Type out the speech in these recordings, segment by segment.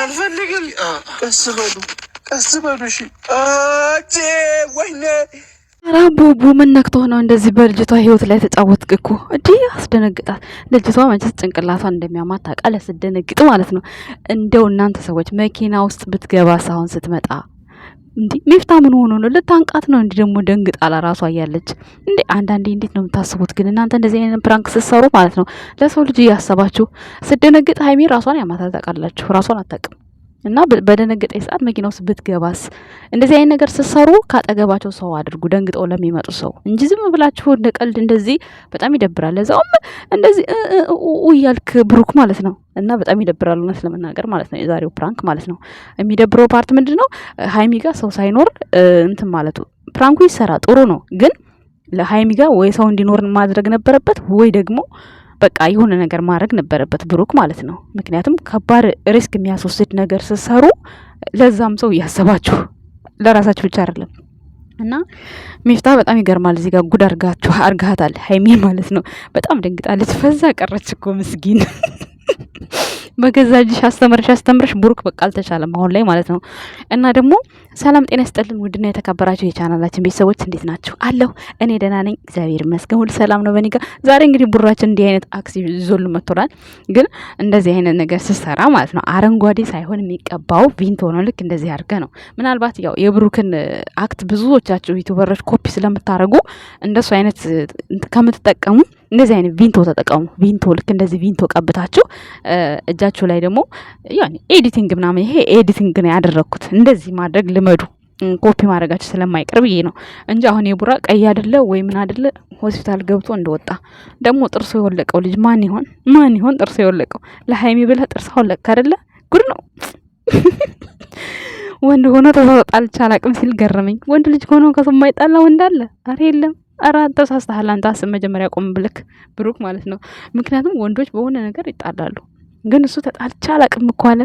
አልፈልግም። ቀስ በሉ ቀስ በሉ። እሺ ወይኔ ኧረ ቡቡ ምን ነክቶ ነው እንደዚህ በልጅቷ ህይወት ላይ ተጫወትክ እኮ እንዲህ አስደነግጣት። ልጅቷ መቼስ ጭንቅላቷን እንደሚያማት ታውቃለህ፣ ስደነግጥ ማለት ነው። እንደው እናንተ ሰዎች መኪና ውስጥ ብትገባ ሳሁን ስትመጣ እንዴ ሚፍታ ምን ሆኖ ነው? ልታንቃት ነው እንዲህ ደግሞ ደንግጥ አላ ራሷ እያለች እንዴ። አንዳንዴ እንዴት ነው የምታስቡት ግን እናንተ እንደዚህ አይነት ፕራንክ ስትሰሩ ማለት ነው። ለሰው ልጅ እያሰባችሁ ስደነግጥ ሀይሜ ራሷን ያማታል። ታውቃላችሁ፣ ራሷን አታውቅም። እና በደነገጠ ሰዓት መኪና ውስጥ ብትገባስ? እንደዚህ አይነት ነገር ስትሰሩ ካጠገባቸው ሰው አድርጉ፣ ደንግጠው ለሚመጡ ሰው እንጂ ዝም ብላችሁ እንደ ቀልድ እንደዚህ በጣም ይደብራል። ለዛውም እንደዚህ እያልክ ብሩክ ማለት ነው። እና በጣም ይደብራል፣ እውነት ለመናገር ማለት ነው። የዛሬው ፕራንክ ማለት ነው። የሚደብረው ፓርት ምንድን ነው? ሀይሚ ሰው ሳይኖር እንትን ማለቱ። ፕራንኩ ይሰራ ጥሩ ነው፣ ግን ለሀይሚ ወይ ሰው እንዲኖር ማድረግ ነበረበት ወይ ደግሞ በቃ የሆነ ነገር ማድረግ ነበረበት ብሩክ ማለት ነው። ምክንያቱም ከባድ ሪስክ የሚያስወስድ ነገር ስሰሩ ለዛም ሰው እያሰባችሁ ለራሳችሁ ብቻ አይደለም እና ሚፍታ በጣም ይገርማል። እዚህ ጋር ጉድ አርጋችሁ አርጋታል ሀይሜ ማለት ነው። በጣም ደንግጣለች። ፈዛ ቀረች እኮ ምስጊን በገዛ እጅሽ አስተምርሽ አስተምርሽ ብሩክ በቃ አልተቻለም አሁን ላይ ማለት ነው። እና ደግሞ ሰላም ጤና ይስጥልን ውድና የተከበራችሁ የቻናላችን ቤተሰቦች እንዴት ናችሁ? አለሁ እኔ ደህና ነኝ፣ እግዚአብሔር ይመስገን፣ ሁሉ ሰላም ነው በኔ ጋር። ዛሬ እንግዲህ ቡራችን እንዲህ አይነት አክሲ ዞል መጥቶላል። ግን እንደዚህ አይነት ነገር ስትሰራ ማለት ነው አረንጓዴ ሳይሆን የሚቀባው ቪንቶ ነው። ልክ እንደዚህ አድርገ ነው ምናልባት ያው የብሩክን አክት ብዙዎቻችሁ ዩቱበሮች ኮፒ ስለምታደርጉ እንደሱ አይነት ከምትጠቀሙ እንደዚህ አይነት ቪንቶ ተጠቀሙ። ቪንቶ ልክ እንደዚህ ቪንቶ ቀብታችሁ እጃችሁ ላይ ደግሞ ኤዲቲንግ ምናምን፣ ይሄ ኤዲቲንግ ነው ያደረግኩት። እንደዚህ ማድረግ ልመዱ። ኮፒ ማድረጋችሁ ስለማይቀር ብዬ ነው እንጂ አሁን የቡራ ቀይ አይደለ ወይ ምን አይደለ፣ ሆስፒታል ገብቶ እንደወጣ ደግሞ ጥርሶ የወለቀው ልጅ ማን ይሆን? ማን ይሆን? ጥርሶ የወለቀው ለሀይሚ ብለ ጥርስ ወለቅ አይደለ? ጉድ ነው። ወንድ ሆኖ ተጣልቼ አላቅም ሲል ገረመኝ። ወንድ ልጅ ሆኖ ከሰው የማይጣላ ወንድ አለ? አረ የለም። ኧረ አንተ ሳስተሃል አንተ አስብ መጀመሪያ ቆም ብልክ ብሩክ ማለት ነው። ምክንያቱም ወንዶች በሆነ ነገር ይጣላሉ። ግን እሱ ተጣልቼ አላቅም እኮ አለ።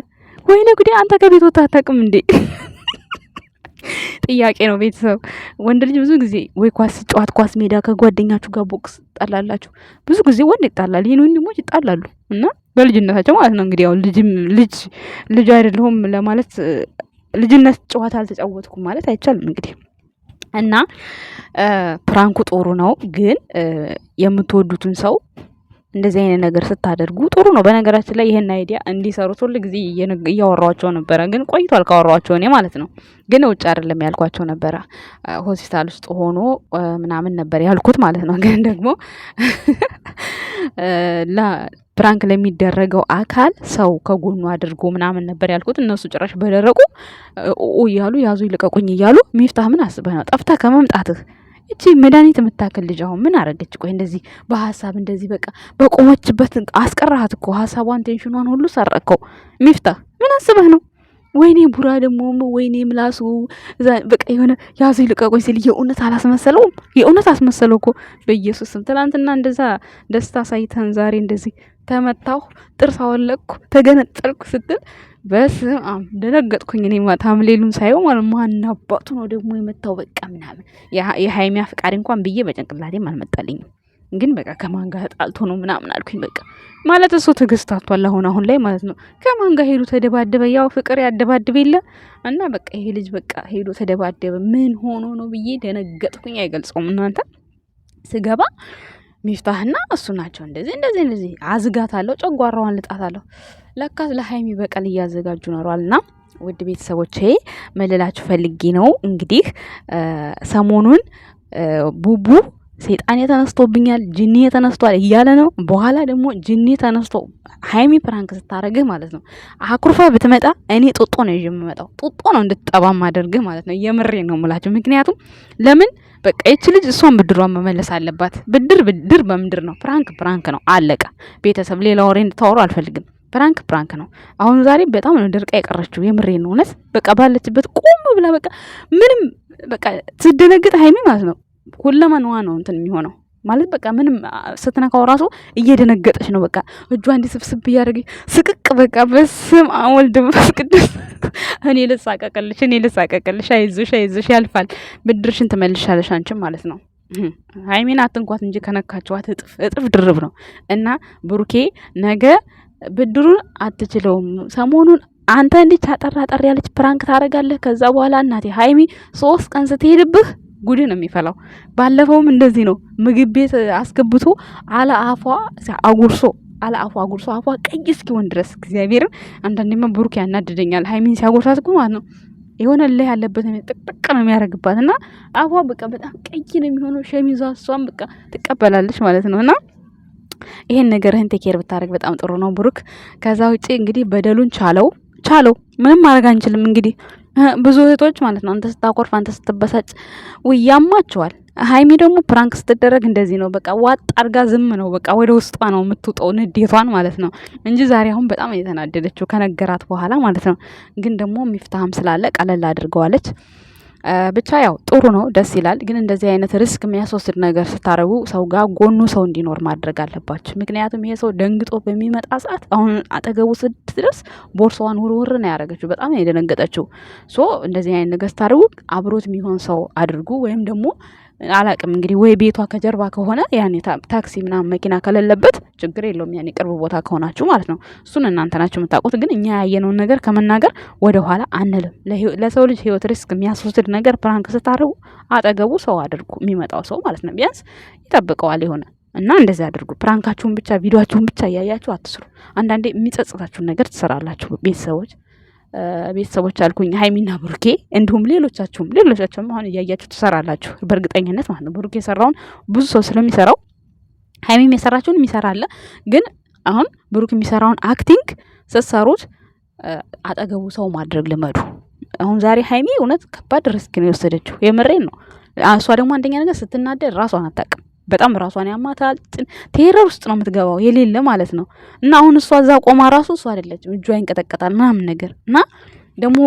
ወይኔ ጉዴ! አንተ ከቤት ወጥተህ አታውቅም እንዴ? ጥያቄ ነው ቤተሰብ። ወንድ ልጅ ብዙ ጊዜ ወይ ኳስ ጨዋት ኳስ ሜዳ ከጓደኛችሁ ጋር ቦክስ ጣላላችሁ ብዙ ጊዜ ወንድ ይጣላል፣ ይህን ወንድሞች ይጣላሉ እና በልጅነታቸው ማለት ነው እንግዲህ ያው ልጅም ልጅ ልጅ አይደለሁም ለማለት ልጅነት ጨዋታ አልተጫወትኩም ማለት አይቻልም እንግዲህ እና ፕራንኩ ጦሩ ነው፣ ግን የምትወዱትን ሰው እንደዚህ አይነት ነገር ስታደርጉ ጥሩ ነው። በነገራችን ላይ ይህን አይዲያ እንዲሰሩት ሁል ጊዜ እያወራኋቸው ነበረ፣ ግን ቆይቷል ካወራቸው እኔ ማለት ነው። ግን ውጭ አይደለም ያልኳቸው ነበረ፣ ሆስፒታል ውስጥ ሆኖ ምናምን ነበር ያልኩት ማለት ነው። ግን ደግሞ ፕራንክ ለሚደረገው አካል ሰው ከጎኑ አድርጎ ምናምን ነበር ያልኩት። እነሱ ጭራሽ በደረቁ እያሉ ያዙ ይልቀቁኝ እያሉ ሚፍታህ ምን አስበህ ነው ጠፍታ ከመምጣትህ እቺ መድኃኒት የምታክል ልጅ አሁን ምን አረገች? ቆይ እንደዚህ በሀሳብ እንደዚህ በቃ በቆመችበት አስቀራሃት እኮ ሀሳቧን፣ ቴንሽኗን ሁሉ ሰረቀው። ሚፍታ ምን አስበህ ነው? ወይኔ ቡራ ደግሞ ወይኔ ምላሱ በቃ የሆነ ያዙ ይልቀቁኝ ሲል የእውነት አላስመሰለውም። የእውነት አስመሰለው እኮ ስም። ትናንትና እንደዛ ደስታ ሳይተን ዛሬ እንደዚህ ተመታሁ፣ ጥርስ አወለቅኩ፣ ተገነጠልኩ ስትል በስም ደነገጥኩኝ። እኔ ታምሌሉን ሳየው ማለት ማን አባቱ ነው ደግሞ የመታው? በቃ ምናምን የሀይሚያ ፍቃድ እንኳን ብዬ በጭንቅላቴም አልመጣልኝም። ግን በቃ ከማን ጋር ነው ምናምን አልኩኝ። በቃ ማለት እሱ ትዕግስት አቷል አሁን አሁን ላይ ማለት ነው። ከማን ጋር ሄዶ ተደባደበ? ያው ፍቅር ያደባድብ የለ እና በቃ ይሄ ልጅ በቃ ሄዶ ተደባደበ። ምን ሆኖ ነው ብዬ ደነገጥኩኝ። አይገልጸውም እናንተ ስገባ ሚፍታህና እሱ ናቸው። እንደዚህ እንደዚህ እንደዚህ አዝጋታለሁ፣ ጨጓራዋን ልጣታለሁ። ለካስ ለሀይሚ በቀል እያዘጋጁ ኖሯልና ውድ ቤተሰቦቼ መለላችሁ ፈልጌ ነው። እንግዲህ ሰሞኑን ቡቡ ሴጣን ተነስቶብኛል፣ ጅኒ ተነስቷል እያለ ነው። በኋላ ደግሞ ጅኒ ተነስቶ ሀይሚ ፕራንክ ስታደርግህ ማለት ነው አኩርፋ ብትመጣ እኔ ጡጦ ነው የምመጣው። ጡጦ ነው እንድትጠባ ማደርግህ ማለት ነው። የምሬ ነው የምላቸው። ምክንያቱም ለምን በቃ ይች ልጅ እሷን ብድሯን መመለስ አለባት። ብድር ብድር በምድር ነው። ፕራንክ ፕራንክ ነው። አለቀ። ቤተሰብ ሌላ ወሬ እንድታወሩ አልፈልግም። ፕራንክ ፕራንክ ነው። አሁን ዛሬ በጣም ነው ደርቃ የቀረችው። ነው። እውነት በቃ ባለችበት ቁም ብላ በቃ ምንም በቃ ትደነግጥ ሀይሚ ማለት ነው ሁለመናዋ ነው እንትን የሚሆነው ማለት በቃ ምንም ስትነካው ራሱ እየደነገጠች ነው። በቃ እጇ እንዲ ስብስብ እያደረገች ስቅቅ በቃ በስም ወልድ መንፈስ ቅዱስ እኔ ልሳቀቅልሽ፣ እኔ ልሳቀቅልሽ፣ አይዞሽ፣ አይዞሽ ያልፋል፣ ብድርሽን ትመልሻለሽ አንቺም ማለት ነው። ሀይሜን አትንኳት እንጂ ከነካችኋት እጥፍ እጥፍ ድርብ ነው እና ብሩኬ ነገ ብድሩን አትችለውም ሰሞኑን አንተ እንዲህ አጠር አጠር ያለች ፕራንክ ታደርጋለህ። ከዛ በኋላ እናቴ ሀይሚ ሶስት ቀን ስትሄድብህ ጉድ ነው የሚፈላው። ባለፈውም እንደዚህ ነው ምግብ ቤት አስገብቶ አለ አፏ አጉርሶ አለ አፏ አጉርሶ አፏ ቀይ እስኪሆን ድረስ እግዚአብሔርን አንዳንዴማ ብሩክ ያናድደኛል። ሀይሚን ሲያጎርሳት ማለት ነው የሆነ ላይ ያለበት ጥቅጥቅ ነው የሚያደርግባት እና አፏ በቃ በጣም ቀይ ነው የሚሆነው። ሸሚዟ እሷን በቃ ትቀበላለች ማለት ነው እና ይሄን ነገርህን ቴኬር ብታደርግ በጣም ጥሩ ነው ብሩክ። ከዛ ውጪ እንግዲህ በደሉን ቻለው ቻለው፣ ምንም ማድረግ አንችልም እንግዲህ ብዙ እህቶች ማለት ነው አንተ ስታኮርፍ፣ አንተ ስትበሳጭ ውያማቸዋል። ሀይሚ ደግሞ ፕራንክ ስትደረግ እንደዚህ ነው። በቃ ዋጥ አድርጋ ዝም ነው በቃ ወደ ውስጧ ነው የምትውጠው ንዴቷን ማለት ነው እንጂ ዛሬ አሁን በጣም የተናደደችው ከነገራት በኋላ ማለት ነው። ግን ደግሞ የሚፍታህም ስላለ ቀለል አድርገዋለች። ብቻ ያው ጥሩ ነው፣ ደስ ይላል። ግን እንደዚህ አይነት ሪስክ የሚያስወስድ ነገር ስታረጉ ሰው ጋር ጎኑ ሰው እንዲኖር ማድረግ አለባችሁ። ምክንያቱም ይሄ ሰው ደንግጦ በሚመጣ ሰዓት አሁን አጠገቡ ስትደርስ ቦርሳዋን ውርውር ነው ያደረገችው። በጣም የደነገጠችው ሶ እንደዚህ አይነት ነገር ስታደርጉ አብሮት የሚሆን ሰው አድርጉ ወይም ደግሞ አላቅም እንግዲህ ወይ ቤቷ ከጀርባ ከሆነ ያኔ ታክሲ ምናምን መኪና ከሌለበት ችግር የለውም። ያኔ ቅርብ ቦታ ከሆናችሁ ማለት ነው። እሱን እናንተ ናችሁ የምታውቁት። ግን እኛ ያየነውን ነገር ከመናገር ወደ ኋላ አንልም። ለሰው ልጅ ሕይወት ሪስክ የሚያስወስድ ነገር ፕራንክ ስታደርጉ አጠገቡ ሰው አድርጉ፣ የሚመጣው ሰው ማለት ነው። ቢያንስ ይጠብቀዋል የሆነ እና እንደዚህ አድርጉ። ፕራንካችሁን ብቻ ቪዲዮችሁን ብቻ እያያችሁ አትስሩ። አንዳንዴ የሚጸጽታችሁን ነገር ትሰራላችሁ ቤተሰቦች ቤተሰቦች አልኩኝ ሀይሚና ብሩኬ እንዲሁም ሌሎቻችሁም ሌሎቻችሁም አሁን እያያችሁ ትሰራላችሁ በእርግጠኝነት ማለት ነው። ብሩኬ የሰራውን ብዙ ሰው ስለሚሰራው ሀይሚም የሰራችሁን የሚሰራለ ግን አሁን ብሩክ የሚሰራውን አክቲንግ ስትሰሩት አጠገቡ ሰው ማድረግ ልመዱ። አሁን ዛሬ ሀይሚ እውነት ከባድ ሪስክ ነው የወሰደችው። የምሬን ነው። እሷ ደግሞ አንደኛ ነገር ስትናደድ ራሷን አታውቅም። በጣም ራሷን ያማታል። ቴረር ውስጥ ነው የምትገባው የሌለ ማለት ነው። እና አሁን እሷ እዛ ቆማ ራሱ እሷ አይደለችም እጇ ይንቀጠቀጣል ምናምን ነገር እና ደግሞ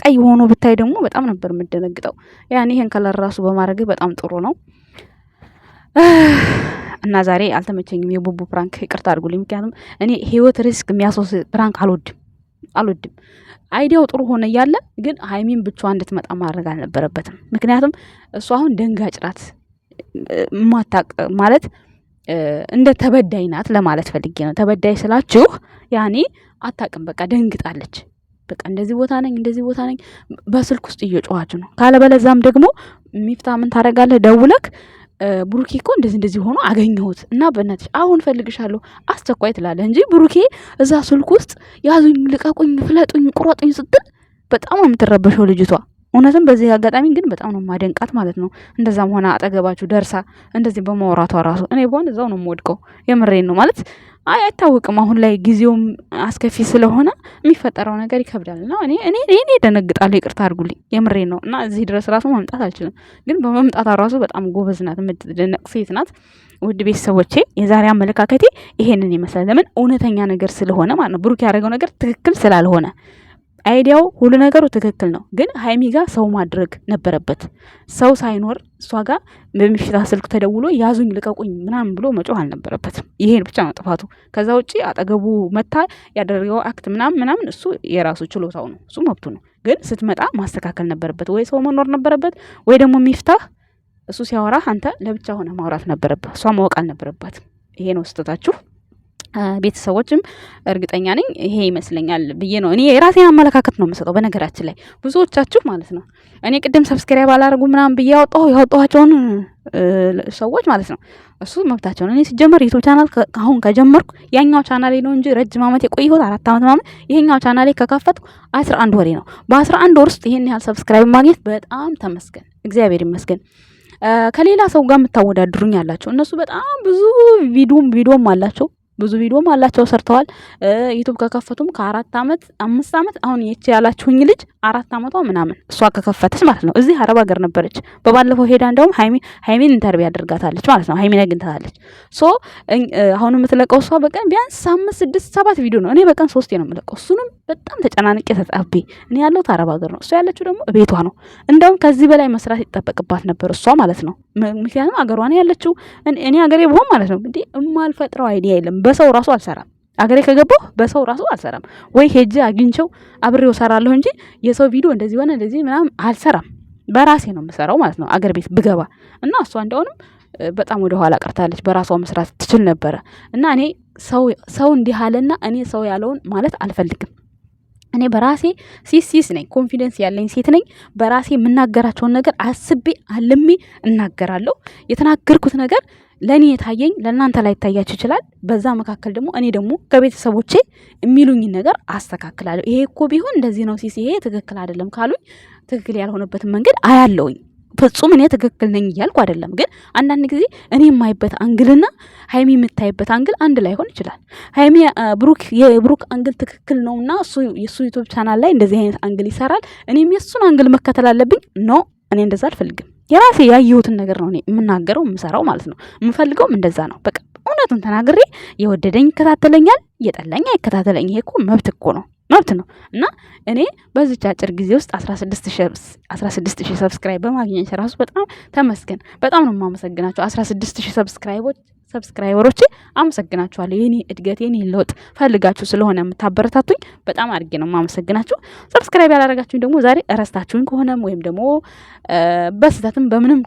ቀይ ሆኖ ብታይ ደግሞ በጣም ነበር የምደነግጠው። ያን ይሄን ከለር ራሱ በማድረግ በጣም ጥሩ ነው። እና ዛሬ አልተመቸኝም የቡቡ ፕራንክ፣ ይቅርታ አድርጉልኝ። ምክንያቱም እኔ ህይወት ሪስክ የሚያስወስ ፕራንክ አልወድም አልወድም። አይዲያው ጥሩ ሆነ እያለ ግን ሀይሚን ብቻዋን እንድትመጣ ማድረግ አልነበረበትም። ምክንያቱም እሷ አሁን ደንጋጭ ናት። ማታቅ ማለት እንደ ተበዳይ ናት ለማለት ፈልጌ ነው። ተበዳይ ስላችሁ ያኔ አታቅም፣ በቃ ደንግጣለች። በቃ እንደዚህ ቦታ ነኝ እንደዚህ ቦታ ነኝ በስልክ ውስጥ እየጮኋችሁ ነው። ካለበለዛም ደግሞ ሚፍታ ምን ታደርጋለህ? ደውለክ ብሩኬ እኮ እንደዚህ እንደዚህ ሆኖ አገኘሁት እና በእናትሽ አሁን ፈልግሻለሁ አስቸኳይ ትላለህ እንጂ ብሩኬ እዛ ስልክ ውስጥ ያዙኝ፣ ልቀቁኝ፣ ፍለጡኝ፣ ቁረጡኝ ስትል በጣም ነው የምትረበሸው ልጅቷ። እውነትም በዚህ አጋጣሚ ግን በጣም ነው ማደንቃት ማለት ነው። እንደዛም ሆነ አጠገባችሁ ደርሳ እንደዚህ በማውራቷ ራሱ እኔ በሆን እዛው ነው የምወድቀው። የምሬን ነው ማለት አይ አይታወቅም። አሁን ላይ ጊዜውም አስከፊ ስለሆነ የሚፈጠረው ነገር ይከብዳል እና እኔ እኔ እኔ ደነግጣለሁ። ይቅርታ አድርጉልኝ። የምሬን ነው እና እዚህ ድረስ ራሱ መምጣት አልችልም። ግን በመምጣቷ ራሱ በጣም ጎበዝ ናት፣ የምትደነቅ ሴት ናት። ውድ ቤተሰቦቼ የዛሬ አመለካከቴ ይሄንን ይመስላል። ለምን እውነተኛ ነገር ስለሆነ ማለት ነው። ብሩክ ያደረገው ነገር ትክክል ስላልሆነ አይዲያው ሁሉ ነገሩ ትክክል ነው፣ ግን ሀይሚ ጋር ሰው ማድረግ ነበረበት። ሰው ሳይኖር እሷ ጋር በምሽታ ስልክ ተደውሎ ያዙኝ ልቀቁኝ ምናምን ብሎ መጮህ አልነበረበትም። ይሄን ብቻ ነው ጥፋቱ። ከዛ ውጭ አጠገቡ መታ ያደረገው አክት ምናምን ምናምን እሱ የራሱ ችሎታው ነው፣ እሱ መብቱ ነው። ግን ስትመጣ ማስተካከል ነበረበት። ወይ ሰው መኖር ነበረበት፣ ወይ ደግሞ የሚፍታህ እሱ ሲያወራህ አንተ ለብቻ ሆነ ማውራት ነበረበት። እሷ ማወቅ አልነበረባትም። ይሄ ነው ስህተታችሁ። ቤተሰቦችም እርግጠኛ ነኝ ይሄ ይመስለኛል ብዬ ነው እኔ የራሴን አመለካከት ነው የምሰጠው። በነገራችን ላይ ብዙዎቻችሁ ማለት ነው እኔ ቅድም ሰብስክራይብ አላደርጉ ምናምን ብዬ ያወጣው ያወጣኋቸውን ሰዎች ማለት ነው እሱ መብታቸው ነው። እኔ ሲጀመር ዩቱብ ቻናል አሁን ከጀመርኩ ያኛው ቻናሌ ነው እንጂ ረጅም ዓመት የቆየሁት አራት ዓመት ምናምን ይሄኛው ቻናሌ ከከፈትኩ አስራ አንድ ወሬ ነው። በአስራ አንድ ወር ውስጥ ይሄን ያህል ሰብስክራይብ ማግኘት በጣም ተመስገን፣ እግዚአብሔር ይመስገን። ከሌላ ሰው ጋር የምታወዳድሩኝ አላቸው። እነሱ በጣም ብዙ ቪዲዮም ቪዲዮም አላቸው ብዙ ቪዲዮም አላቸው ሰርተዋል። ዩቱብ ከከፈቱም ከአራት ዓመት አምስት ዓመት አሁን የች ያላችሁኝ ልጅ አራት ዓመቷ ምናምን እሷ ከከፈተች ማለት ነው። እዚህ አረብ ሀገር ነበረች። በባለፈው ሄዳ እንደውም ሀይሚን ኢንተርቪ ያደርጋታለች ማለት ነው። ሀይሚን አግኝታታለች። ሶ አሁን የምትለቀው እሷ በቀን ቢያንስ አምስት ስድስት ሰባት ቪዲዮ ነው። እኔ በቀን ሶስቴ ነው የምለቀው። እሱንም በጣም ተጨናንቄ ተጣቤ። እኔ ያለሁት አረብ ሀገር ነው፣ እሷ ያለችው ደግሞ ቤቷ ነው። እንደውም ከዚህ በላይ መስራት ይጠበቅባት ነበር እሷ ማለት ነው። ምክንያቱም አገሯ ነው ያለችው። እኔ ሀገሬ ብሆን ማለት ነው እንዲህ የማልፈጥረው አይዲያ የለም በሰው ራሱ አልሰራም። አገሬ ከገባሁ በሰው ራሱ አልሰራም። ወይ ሄጄ አግኝቸው አብሬው ሰራለሁ እንጂ የሰው ቪዲዮ እንደዚህ ሆነ እንደዚህ ምናምን አልሰራም። በራሴ ነው የምሰራው ማለት ነው አገር ቤት ብገባ እና እሷ እንደውንም በጣም ወደ ኋላ ቀርታለች። በራሷ መስራት ትችል ነበረ እና እኔ ሰው እንዲህ አለና እኔ ሰው ያለውን ማለት አልፈልግም። እኔ በራሴ ሲስ ሲስ ነኝ፣ ኮንፊደንስ ያለኝ ሴት ነኝ። በራሴ የምናገራቸውን ነገር አስቤ አልሜ እናገራለሁ። የተናገርኩት ነገር ለእኔ የታየኝ ለእናንተ ላይ ይታያችሁ ይችላል። በዛ መካከል ደግሞ እኔ ደግሞ ከቤተሰቦቼ የሚሉኝን ነገር አስተካክላለሁ። ይሄ እኮ ቢሆን እንደዚህ ነው ሲሲ፣ ይሄ ትክክል አይደለም ካሉኝ ትክክል ያልሆነበትን መንገድ አያለውኝ። ፍጹም እኔ ትክክል ነኝ እያልኩ አይደለም፣ ግን አንዳንድ ጊዜ እኔ የማይበት አንግልና ሀይሚ የምታይበት አንግል አንድ ላይ ሆን ይችላል። ሀይሚ ብሩክ የብሩክ አንግል ትክክል ነው እና እሱ የእሱ ዩቱብ ቻናል ላይ እንደዚህ አይነት አንግል ይሰራል፣ እኔም የእሱን አንግል መከተል አለብኝ። ኖ እኔ እንደዛ አልፈልግም። የራሴ ያየሁትን ነገር ነው እኔ የምናገረው የምሰራው ማለት ነው። የምፈልገውም እንደዛ ነው። በቃ እውነቱን ተናግሬ የወደደኝ ይከታተለኛል፣ የጠላኝ አይከታተለኝ። ይሄ እኮ መብት እኮ ነው መብት ነው እና እኔ በዚች አጭር ጊዜ ውስጥ አስራ ስድስት ሺህ ሰብስክራይብ በማግኘት ራሱ በጣም ተመስገን። በጣም ነው የማመሰግናቸው አስራ ስድስት ሺህ ሰብስክራይቦች ሰብስክራይበሮቼ አመሰግናችኋለሁ። የኔ እድገት የኔ ለውጥ ፈልጋችሁ ስለሆነ የምታበረታቱኝ በጣም አድርጌ ነው የማመሰግናችሁ። ሰብስክራይብ ያላረጋችሁኝ ደግሞ ዛሬ እረስታችሁኝ ከሆነም ወይም ደግሞ በስህተትም በምንም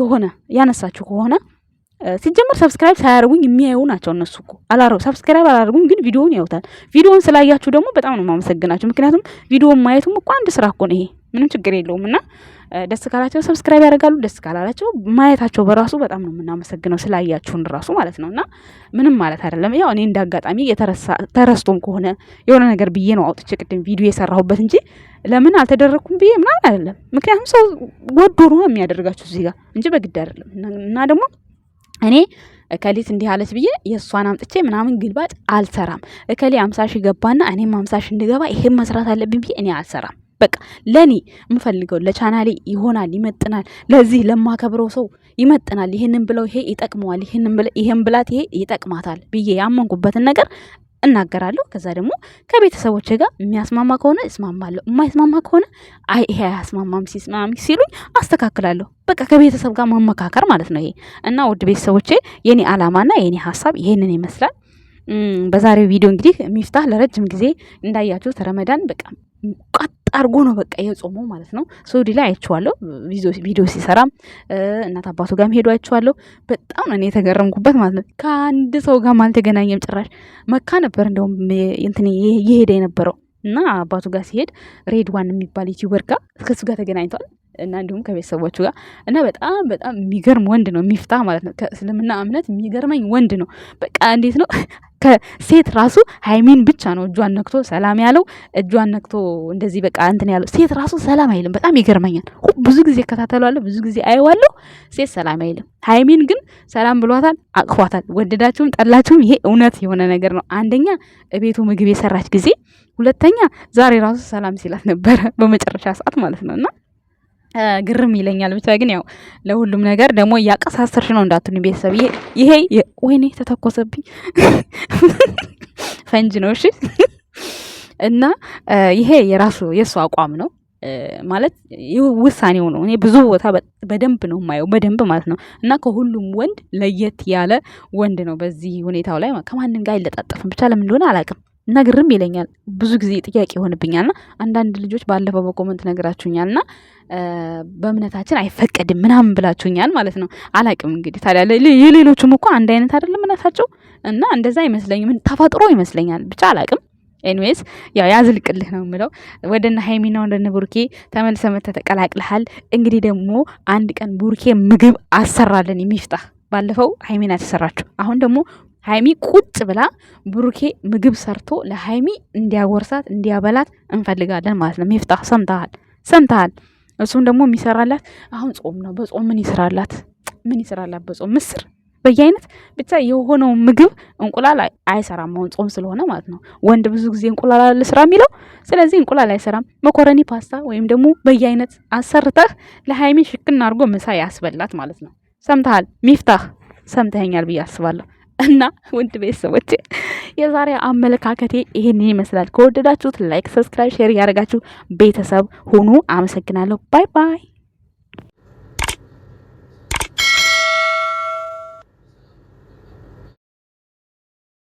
የሆነ ያነሳችሁ ከሆነ ሲጀመር ሰብስክራይብ ሳያደርጉኝ የሚያዩ ናቸው እነሱ እኮ አላረው ሰብስክራይብ አላደርጉኝ፣ ግን ቪዲዮውን ያውታል። ቪዲዮውን ስላያችሁ ደግሞ በጣም ነው የማመሰግናችሁ። ምክንያቱም ቪዲዮውን ማየቱም እኮ አንድ ስራ እኮ ነው። ይሄ ምንም ችግር የለውም እና ደስ ካላቸው ሰብስክራይብ ያደርጋሉ፣ ደስ ካላላቸው ማየታቸው በራሱ በጣም ነው የምናመሰግነው። ስላያችሁን ራሱ ማለት ነው እና ምንም ማለት አይደለም። ያው እኔ እንደ አጋጣሚ ተረስቶም ከሆነ የሆነ ነገር ብዬ ነው አውጥቼ ቅድም ቪዲዮ የሰራሁበት እንጂ ለምን አልተደረግኩም ብዬ ምናምን አይደለም። ምክንያቱም ሰው ወዶ ነው የሚያደርጋችሁ እዚህ ጋር እንጂ በግድ አይደለም እና ደግሞ እኔ እከሊት እንዲህ አለች ብዬ የእሷን አምጥቼ ምናምን ግልባጭ አልሰራም። እከሌ አምሳ ሺህ ገባና እኔም አምሳ ሺህ እንድገባ ይሄን መስራት አለብኝ ብዬ እኔ አልሰራም። በቃ ለኔ የምፈልገው ለቻናሌ ይሆናል፣ ይመጥናል፣ ለዚህ ለማከብረው ሰው ይመጥናል፣ ይህንን ብለው ይሄ ይጠቅመዋል፣ ይህን ብላት ይሄ ይጠቅማታል ብዬ ያመንኩበትን ነገር እናገራለሁ። ከዛ ደግሞ ከቤተሰቦች ጋር የሚያስማማ ከሆነ እስማማለሁ፣ የማይስማማ ከሆነ አይ ይሄ አያስማማም ሲሉኝ አስተካክላለሁ። በቃ ከቤተሰብ ጋር ማመካከር ማለት ነው ይሄ እና ውድ ቤተሰቦቼ የኔ አላማና የኔ ሀሳብ ይሄንን ይመስላል። በዛሬው ቪዲዮ እንግዲህ ሚፍታህ ለረጅም ጊዜ እንዳያችሁት ረመዳን በቃ አርጎ ነው በቃ የጾመው ማለት ነው። ሳውዲ ላይ አይቼዋለሁ ቪዲዮ ሲሰራም እናት አባቱ ጋር ሄዱ አይቼዋለሁ። በጣም እኔ የተገረምኩበት ማለት ነው። ከአንድ ሰው ጋር አልተገናኘም። ጭራሽ መካ ነበር እንደውም እንትን የሄደ የነበረው እና አባቱ ጋር ሲሄድ ዋን የሚባል ዩቲዩበር ጋር ከሱ ጋር ተገናኝተዋል እና እንዲሁም ከቤተሰቦቹ ጋር እና በጣም በጣም የሚገርም ወንድ ነው የሚፍታ ማለት ነው። ከእስልምና እምነት የሚገርመኝ ወንድ ነው። በቃ እንዴት ነው ከሴት ራሱ ሀይሚን ብቻ ነው እጇን ነክቶ ሰላም ያለው። እጇን ነክቶ እንደዚህ በቃ እንትን ያለው ሴት ራሱ ሰላም አይልም። በጣም ይገርመኛል። ብዙ ጊዜ እከታተላለሁ፣ ብዙ ጊዜ አየዋለሁ። ሴት ሰላም አይልም። ሀይሚን ግን ሰላም ብሏታል፣ አቅፏታል። ወደዳችሁም ጠላችሁም ይሄ እውነት የሆነ ነገር ነው። አንደኛ እቤቱ ምግብ የሰራች ጊዜ፣ ሁለተኛ ዛሬ ራሱ ሰላም ሲላት ነበረ በመጨረሻ ሰዓት ማለት ነው እና ግርም ይለኛል። ብቻ ግን ያው ለሁሉም ነገር ደግሞ እያቀሳሰርሽ ነው እንዳትሉኝ ቤተሰብ። ይሄ ወይኔ ተተኮሰብኝ ፈንጅ ነው። እሺ እና ይሄ የራሱ የእሱ አቋም ነው ማለት ውሳኔው ነው። እኔ ብዙ ቦታ በደንብ ነው የማየው በደንብ ማለት ነው። እና ከሁሉም ወንድ ለየት ያለ ወንድ ነው በዚህ ሁኔታው ላይ ከማንም ጋር አይለጣጠፍም። ብቻ ለምን እንደሆነ አላውቅም። እና ግርም ይለኛል ብዙ ጊዜ ጥያቄ ይሆንብኛልና አንዳንድ ልጆች ባለፈው በኮመንት ነግራችሁኛልና በእምነታችን አይፈቀድም ምናምን ብላችሁኛል ማለት ነው። አላቅም እንግዲህ ታዲያ የሌሎቹም እኮ አንድ አይነት አይደለም እምነታቸው እና እንደዛ አይመስለኝም ተፈጥሮ ይመስለኛል ብቻ አላቅም። ኤንዌስ ያው ያዝልቅልህ ነው የምለው። ወደነ ሀይሚና ወደነ ቡርኬ ተመልሰ መተ ተቀላቅልሃል። እንግዲህ ደግሞ አንድ ቀን ቡርኬ ምግብ አሰራለን የሚፍጣህ ባለፈው ሀይሚና ተሰራችሁ አሁን ደግሞ ሀይሚ ቁጭ ብላ ብሩኬ ምግብ ሰርቶ ለሀይሚ እንዲያጎርሳት እንዲያበላት እንፈልጋለን ማለት ነው። ሚፍታህ ሰምተሃል፣ ሰምተሃል። እሱም ደግሞ የሚሰራላት አሁን ጾም ነው። በጾም ምን ይስራላት? ምን ይስራላት? በጾም ምስር በየአይነት ብቻ የሆነው ምግብ እንቁላል አይሰራም። አሁን ጾም ስለሆነ ማለት ነው። ወንድ ብዙ ጊዜ እንቁላል አልስራ የሚለው ስለዚህ እንቁላል አይሰራም። መኮረኒ ፓስታ፣ ወይም ደግሞ በየአይነት አሰርተህ ለሀይሚ ሽክና አድርጎ ምሳ ያስበላት ማለት ነው። ሰምተሃል ሚፍታህ፣ ሰምተኛል ብዬ አስባለሁ። እና ውድ ቤተሰቦች የዛሬ አመለካከቴ ይሄንን ይመስላል። ከወደዳችሁት ላይክ፣ ሰብስክራይብ፣ ሼር እያደረጋችሁ ቤተሰብ ሁኑ። አመሰግናለሁ። ባይ ባይ